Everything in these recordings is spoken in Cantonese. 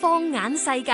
放眼世界，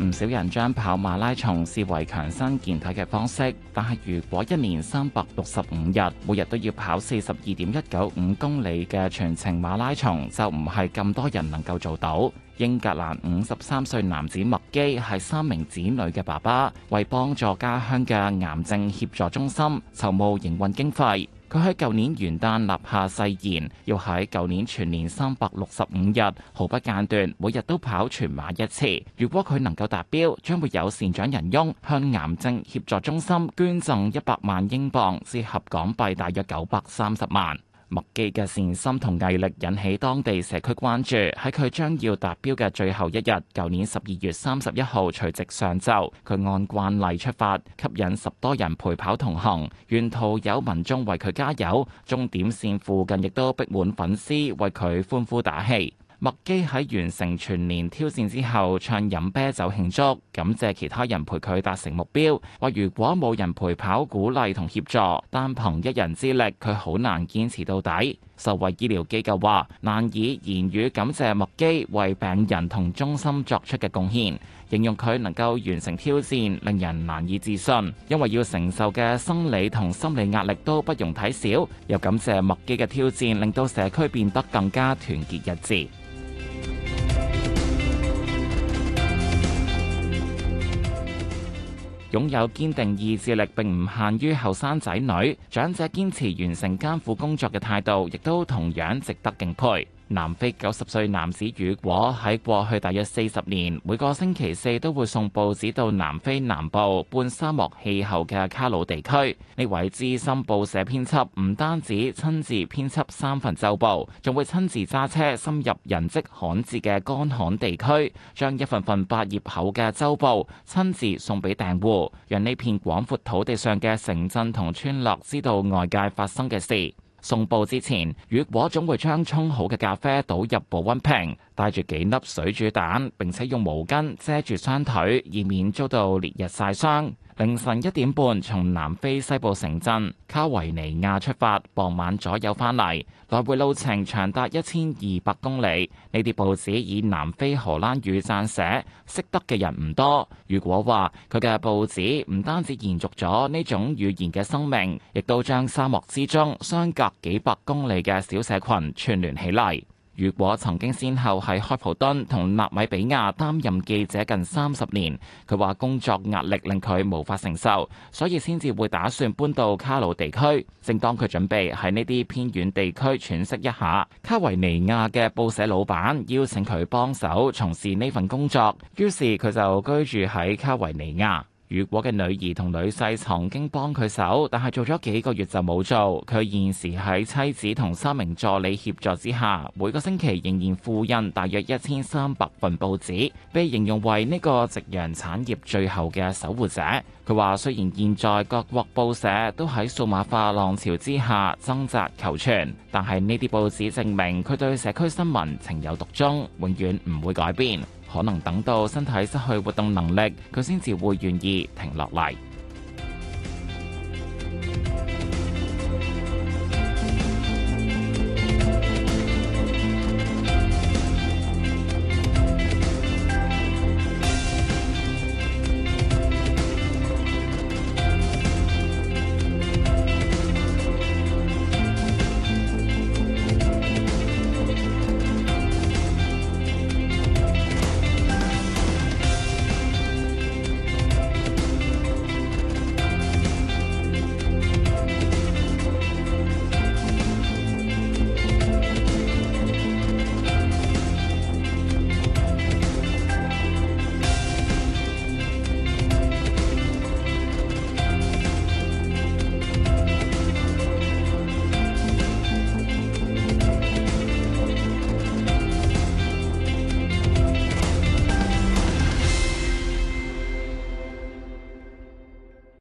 唔少人將跑馬拉松視為強身健體嘅方式，但係，如果一年三百六十五日，每日都要跑四十二點一九五公里嘅全程馬拉松，就唔係咁多人能夠做到。英格蘭五十三歲男子麥基係三名子女嘅爸爸，為幫助家鄉嘅癌症協助中心籌募營運經費，佢喺舊年元旦立下誓言，要喺舊年全年三百六十五日毫不間斷，每日都跑全馬一次。如果佢能夠達標，將會有善長仁翁向癌症協助中心捐贈一百萬英鎊，折合港幣大約九百三十萬。麥基嘅善心同毅力引起當地社區關注。喺佢將要達標嘅最後一日，舊年十二月三十一號除夕上晝，佢按慣例出發，吸引十多人陪跑同行。沿途有民眾為佢加油，終點線附近亦都逼滿粉絲為佢歡呼打氣。麥基喺完成全年挑戰之後，暢飲啤酒慶祝，感謝其他人陪佢達成目標。話如果冇人陪跑、鼓勵同協助，單憑一人之力，佢好難堅持到底。受惠醫療機構話難以言語感謝麥基為病人同中心作出嘅貢獻，形容佢能夠完成挑戰令人難以置信，因為要承受嘅生理同心理壓力都不容睇小，又感謝麥基嘅挑戰，令到社區變得更加團結一致。擁有堅定意志力並唔限於後生仔女，長者堅持完成艱苦工作嘅態度，亦都同樣值得敬佩。南非九十歲男子雨果喺過去大約四十年，每個星期四都會送報紙到南非南部半沙漠氣候嘅卡魯地區。呢位資深報社編輯唔單止親自編輯三份周報，仲會親自揸車深入人跡罕至嘅乾旱地區，將一份份百頁厚嘅周報親自送俾訂戶，讓呢片廣闊土地上嘅城鎮同村落知道外界發生嘅事。送報之前，熱火總會將沖好嘅咖啡倒入保溫瓶，帶住幾粒水煮蛋，並且用毛巾遮住雙腿，以免遭到烈日曬傷。凌晨一點半從南非西部城鎮卡維尼亞出發，傍晚左右返嚟，來回路程長達一千二百公里。呢啲報紙以南非荷蘭語撰寫，識得嘅人唔多。如果話佢嘅報紙唔單止延續咗呢種語言嘅生命，亦都將沙漠之中相隔幾百公里嘅小社群串聯起嚟。如果曾經先後喺開普敦同納米比亞擔任記者近三十年，佢話工作壓力令佢無法承受，所以先至會打算搬到卡魯地區。正當佢準備喺呢啲偏遠地區喘息一下，卡維尼亞嘅報社老闆邀請佢幫手從事呢份工作，於是佢就居住喺卡維尼亞。如果嘅女兒同女婿曾經幫佢手，但係做咗幾個月就冇做。佢現時喺妻子同三名助理協助之下，每個星期仍然付印大約一千三百份報紙，被形容為呢個夕陽產業最後嘅守護者。佢話：雖然現在各國報社都喺數碼化浪潮之下掙扎求存，但係呢啲報紙證明佢對社區新聞情有獨鍾，永遠唔會改變。可能等到身體失去活動能力，佢先至會願意停落嚟。